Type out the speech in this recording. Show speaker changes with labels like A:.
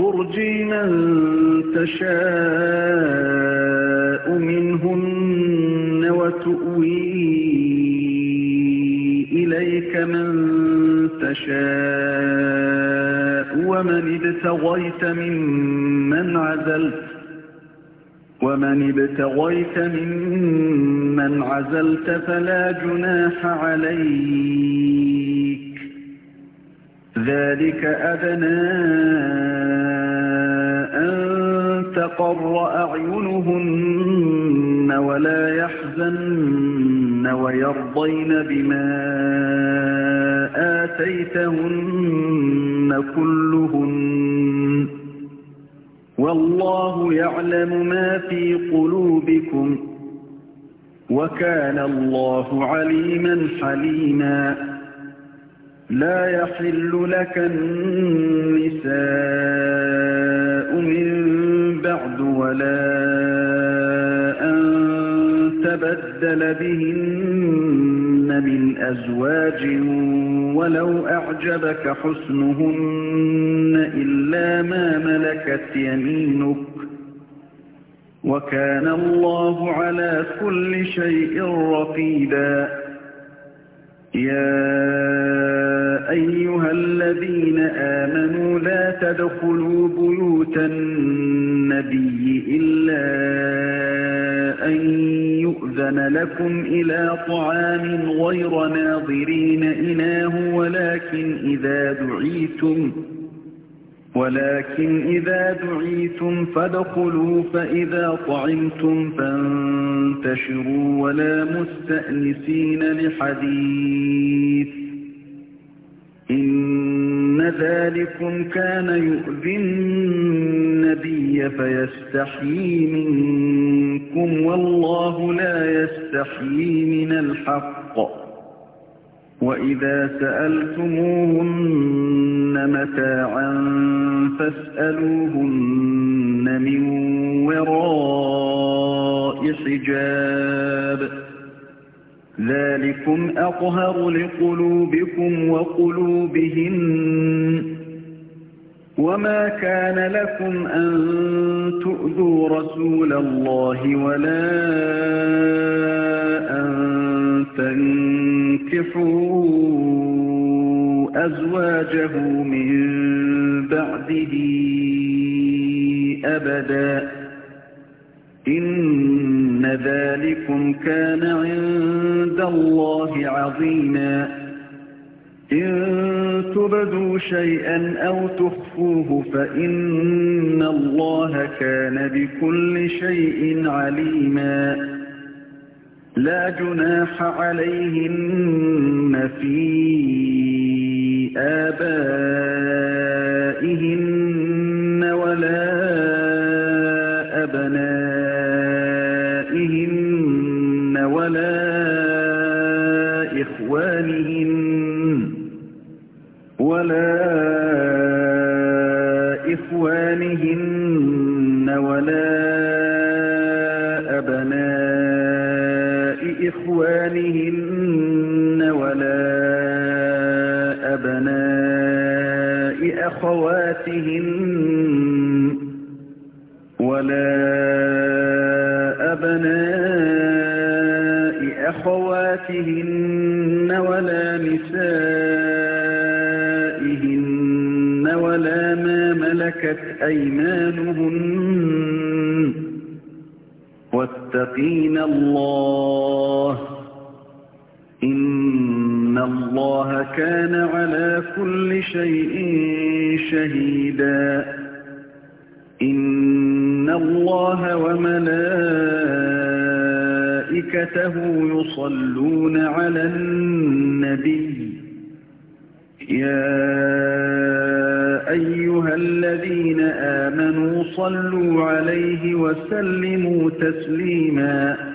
A: ترجي من تشاء منهن وتؤوي إليك من تشاء ومن ابتغيت ممن عزلت ومن ابتغيت ممن عزلت فلا جناح عليك ذلك أدنى أن تقر أعينهن ولا يحزن ويرضين بما آتيتهن كلهن والله يعلم ما في قلوبكم وكان الله عليما حليما لا يحل لك النساء من بعد ولا أن تبدل بهن من أزواج ولو أعجبك حسنهن إلا ما ملكت يمينك وكان الله على كل شيء رقيبا يا الذين آمنوا لا تدخلوا بيوت النبي إلا أن يؤذن لكم إلى طعام غير ناظرين إناه ولكن إذا دعيتم ولكن إذا دعيتم فادخلوا فإذا طعمتم فانتشروا ولا مستأنسين لحديث إن ذلكم كان يؤذي النبي فيستحيي منكم والله لا يستحيي من الحق وَإِذَا سَأَلْتُمُوهُنَّ مَتَاعًا فَاسْأَلُوهُنَّ مِنْ وَرَاءِ حِجَابٍ ذلكم أطهر لقلوبكم وقلوبهن وما كان لكم أن تؤذوا رسول الله ولا أن تنكحوا أزواجه من بعده أبدا إن ذلكم كان عند الله عظيما إن تبدوا شيئا أو تخفوه فإن الله كان بكل شيء عليما لا جناح عليهم أزواجهن ولا إخوانهن ولا إخوانهن ولا أبناء إخوانهن ولا أبناء أخواتهن ولا أبناء أخواتهن ولا نسائهن ولا ما ملكت أيمانهن واتقين الله إن الله كان على كل شيء شهيدا إن الله وملائكته وملائكته يصلون على النبي يا أيها الذين آمنوا صلوا عليه وسلموا تسليماً